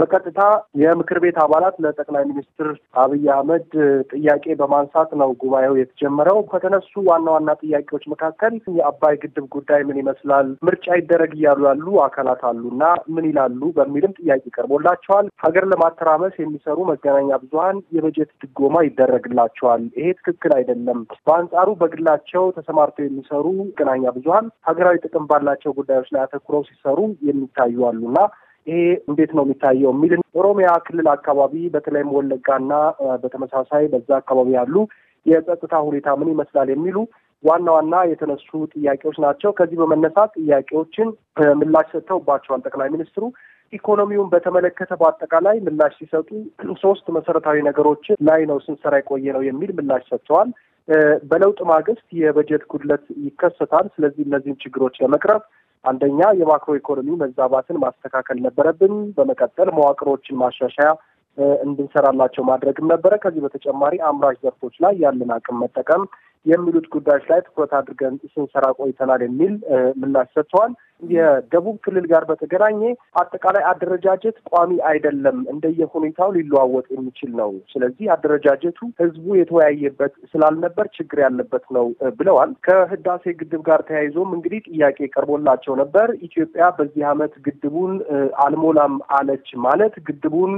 በቀጥታ የምክር ቤት አባላት ለጠቅላይ ሚኒስትር አብይ አህመድ ጥያቄ በማንሳት ነው ጉባኤው የተጀመረው። ከተነሱ ዋና ዋና ጥያቄዎች መካከል የአባይ ግድብ ጉዳይ ምን ይመስላል፣ ምርጫ ይደረግ እያሉ ያሉ አካላት አሉ እና ምን ይላሉ በሚልም ጥያቄ ቀርቦላቸዋል። ሀገር ለማተራመስ የሚሰሩ መገናኛ ብዙኃን የበጀት ድጎማ ይደረግላቸዋል፣ ይሄ ትክክል አይደለም። በአንጻሩ በግላቸው ተሰማርተው የሚሰሩ መገናኛ ብዙኃን ሀገራዊ ጥቅም ባላቸው ጉዳዮች ላይ አተኩረው ሲሰሩ የሚታዩ አሉና ይሄ እንዴት ነው የሚታየው የሚል ኦሮሚያ ክልል አካባቢ በተለይም ወለጋና በተመሳሳይ በዛ አካባቢ ያሉ የጸጥታ ሁኔታ ምን ይመስላል የሚሉ ዋና ዋና የተነሱ ጥያቄዎች ናቸው። ከዚህ በመነሳት ጥያቄዎችን ምላሽ ሰጥተውባቸዋል ጠቅላይ ሚኒስትሩ። ኢኮኖሚውን በተመለከተ በአጠቃላይ ምላሽ ሲሰጡ ሶስት መሰረታዊ ነገሮች ላይ ነው ስንሰራ የቆየ ነው የሚል ምላሽ ሰጥተዋል። በለውጥ ማግስት የበጀት ጉድለት ይከሰታል። ስለዚህ እነዚህን ችግሮች ለመቅረብ አንደኛ የማክሮ ኢኮኖሚ መዛባትን ማስተካከል ነበረብን። በመቀጠል መዋቅሮችን ማሻሻያ እንድንሰራላቸው ማድረግም ነበረ። ከዚህ በተጨማሪ አምራች ዘርፎች ላይ ያለን አቅም መጠቀም የሚሉት ጉዳዮች ላይ ትኩረት አድርገን ስንሰራ ቆይተናል የሚል ምላሽ ሰጥተዋል። የደቡብ ክልል ጋር በተገናኘ አጠቃላይ አደረጃጀት ቋሚ አይደለም፣ እንደየሁኔታው ሊለዋወጥ የሚችል ነው። ስለዚህ አደረጃጀቱ ህዝቡ የተወያየበት ስላልነበር ችግር ያለበት ነው ብለዋል። ከህዳሴ ግድብ ጋር ተያይዞም እንግዲህ ጥያቄ ቀርቦላቸው ነበር። ኢትዮጵያ በዚህ ዓመት ግድቡን አልሞላም አለች ማለት ግድቡን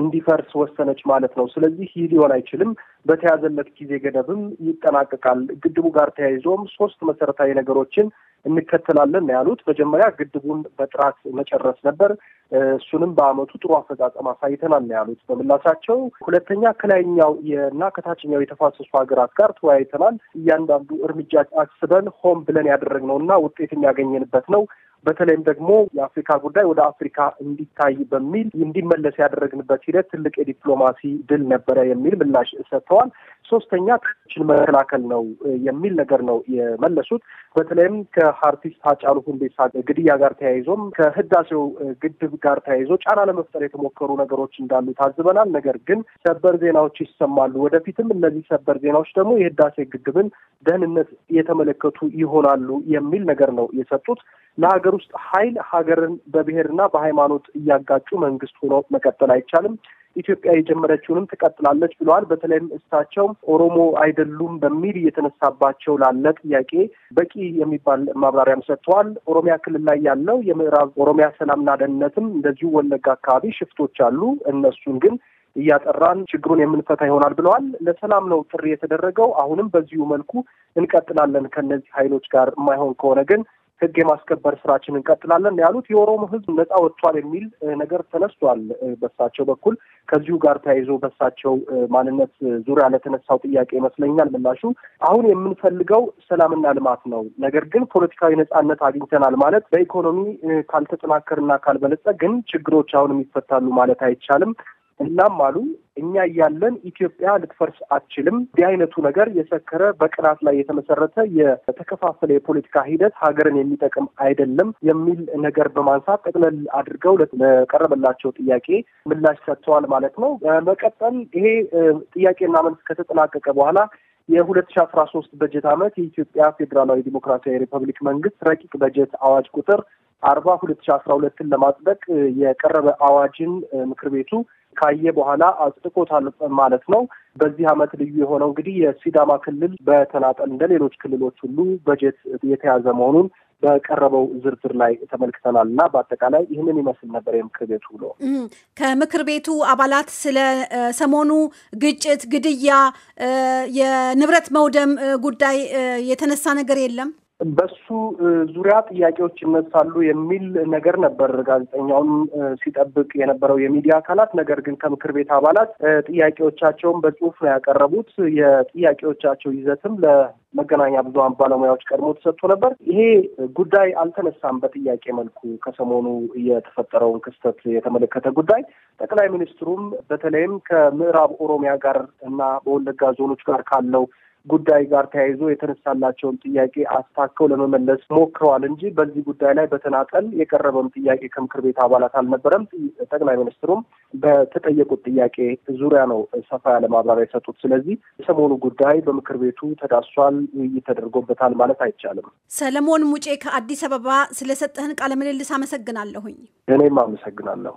እንዲፈርስ ወሰነች ማለት ነው። ስለዚህ ይህ ሊሆን አይችልም። በተያዘለት ጊዜ ገደብም ይጠናቀቃል። ግድቡ ጋር ተያይዞም ሶስት መሰረታዊ ነገሮችን እንከተላለን ነው ያሉት። መጀመሪያ ግድቡን በጥራት መጨረስ ነበር። እሱንም በአመቱ ጥሩ አፈጻጸም አሳይተናል ነው ያሉት በምላሳቸው። ሁለተኛ ከላይኛው እና ከታችኛው የተፋሰሱ ሀገራት ጋር ተወያይተናል። እያንዳንዱ እርምጃ አስበን ሆን ብለን ያደረግነው እና ውጤት የሚያገኘንበት ነው። በተለይም ደግሞ የአፍሪካ ጉዳይ ወደ አፍሪካ እንዲታይ በሚል እንዲመለስ ያደረግንበት ሂደት ትልቅ የዲፕሎማሲ ድል ነበረ የሚል ምላሽ ሰጥተዋል። ሶስተኛ ችን መከላከል ነው የሚል ነገር ነው የመለሱት። በተለይም ከአርቲስት ሃጫሉ ሁንዴሳ ግድያ ጋር ተያይዞም ከህዳሴው ግድብ ጋር ተያይዞ ጫና ለመፍጠር የተሞከሩ ነገሮች እንዳሉ ታዝበናል። ነገር ግን ሰበር ዜናዎች ይሰማሉ። ወደፊትም እነዚህ ሰበር ዜናዎች ደግሞ የህዳሴ ግድብን ደህንነት የተመለከቱ ይሆናሉ የሚል ነገር ነው የሰጡት። ለሀገር ውስጥ ኃይል ሀገርን በብሔርና በሃይማኖት እያጋጩ መንግስት ሆኖ መቀጠል አይቻልም። ኢትዮጵያ የጀመረችውንም ትቀጥላለች ብለዋል። በተለይም እሳቸው ኦሮሞ አይደሉም በሚል እየተነሳባቸው ላለ ጥያቄ በቂ የሚባል ማብራሪያም ሰጥተዋል። ኦሮሚያ ክልል ላይ ያለው የምዕራብ ኦሮሚያ ሰላምና ደህንነትም እንደዚሁ ወለጋ አካባቢ ሽፍቶች አሉ። እነሱን ግን እያጠራን ችግሩን የምንፈታ ይሆናል ብለዋል። ለሰላም ነው ጥሪ የተደረገው። አሁንም በዚሁ መልኩ እንቀጥላለን ከነዚህ ኃይሎች ጋር የማይሆን ከሆነ ግን ህግ የማስከበር ስራችን እንቀጥላለን ያሉት የኦሮሞ ህዝብ ነጻ ወጥቷል የሚል ነገር ተነስቷል በሳቸው በኩል። ከዚሁ ጋር ተያይዞ በሳቸው ማንነት ዙሪያ ለተነሳው ጥያቄ ይመስለኛል ምላሹ አሁን የምንፈልገው ሰላምና ልማት ነው። ነገር ግን ፖለቲካዊ ነጻነት አግኝተናል ማለት በኢኮኖሚ ካልተጠናከርና ግን ችግሮች አሁንም ይፈታሉ ማለት አይቻልም። እናም አሉ እኛ እያለን ኢትዮጵያ ልትፈርስ አትችልም። እንዲህ አይነቱ ነገር የሰከረ በቅናት ላይ የተመሰረተ የተከፋፈለ የፖለቲካ ሂደት ሀገርን የሚጠቅም አይደለም የሚል ነገር በማንሳት ጠቅለል አድርገው ለቀረበላቸው ጥያቄ ምላሽ ሰጥተዋል ማለት ነው። መቀጠል ይሄ ጥያቄና መልስ ከተጠናቀቀ በኋላ የሁለት ሺ አስራ ሶስት በጀት ዓመት የኢትዮጵያ ፌዴራላዊ ዲሞክራሲያዊ ሪፐብሊክ መንግስት ረቂቅ በጀት አዋጅ ቁጥር አርባ ሁለት ሺ አስራ ሁለትን ለማጽደቅ የቀረበ አዋጅን ምክር ቤቱ ካየ በኋላ አጽድቆታል ማለት ነው። በዚህ ዓመት ልዩ የሆነው እንግዲህ የሲዳማ ክልል በተናጠል እንደ ሌሎች ክልሎች ሁሉ በጀት የተያዘ መሆኑን በቀረበው ዝርዝር ላይ ተመልክተናል እና በአጠቃላይ ይህንን ይመስል ነበር የምክር ቤቱ ውሎ። ከምክር ቤቱ አባላት ስለ ሰሞኑ ግጭት፣ ግድያ፣ የንብረት መውደም ጉዳይ የተነሳ ነገር የለም። በሱ ዙሪያ ጥያቄዎች ይነሳሉ የሚል ነገር ነበር ጋዜጠኛውን ሲጠብቅ የነበረው የሚዲያ አካላት። ነገር ግን ከምክር ቤት አባላት ጥያቄዎቻቸውን በጽሁፍ ነው ያቀረቡት። የጥያቄዎቻቸው ይዘትም ለመገናኛ ብዙሀን ባለሙያዎች ቀድሞ ተሰጥቶ ነበር። ይሄ ጉዳይ አልተነሳም። በጥያቄ መልኩ ከሰሞኑ የተፈጠረውን ክስተት የተመለከተ ጉዳይ ጠቅላይ ሚኒስትሩም በተለይም ከምዕራብ ኦሮሚያ ጋር እና በወለጋ ዞኖች ጋር ካለው ጉዳይ ጋር ተያይዞ የተነሳላቸውን ጥያቄ አስታከው ለመመለስ ሞክረዋል እንጂ በዚህ ጉዳይ ላይ በተናጠል የቀረበም ጥያቄ ከምክር ቤት አባላት አልነበረም። ጠቅላይ ሚኒስትሩም በተጠየቁት ጥያቄ ዙሪያ ነው ሰፋ ያለ ማብራሪያ የሰጡት። ስለዚህ የሰሞኑ ጉዳይ በምክር ቤቱ ተዳሷል፣ ውይይት ተደርጎበታል ማለት አይቻልም። ሰለሞን ሙጬ ከአዲስ አበባ ስለሰጠህን ቃለ ምልልስ አመሰግናለሁኝ። እኔም አመሰግናለሁ።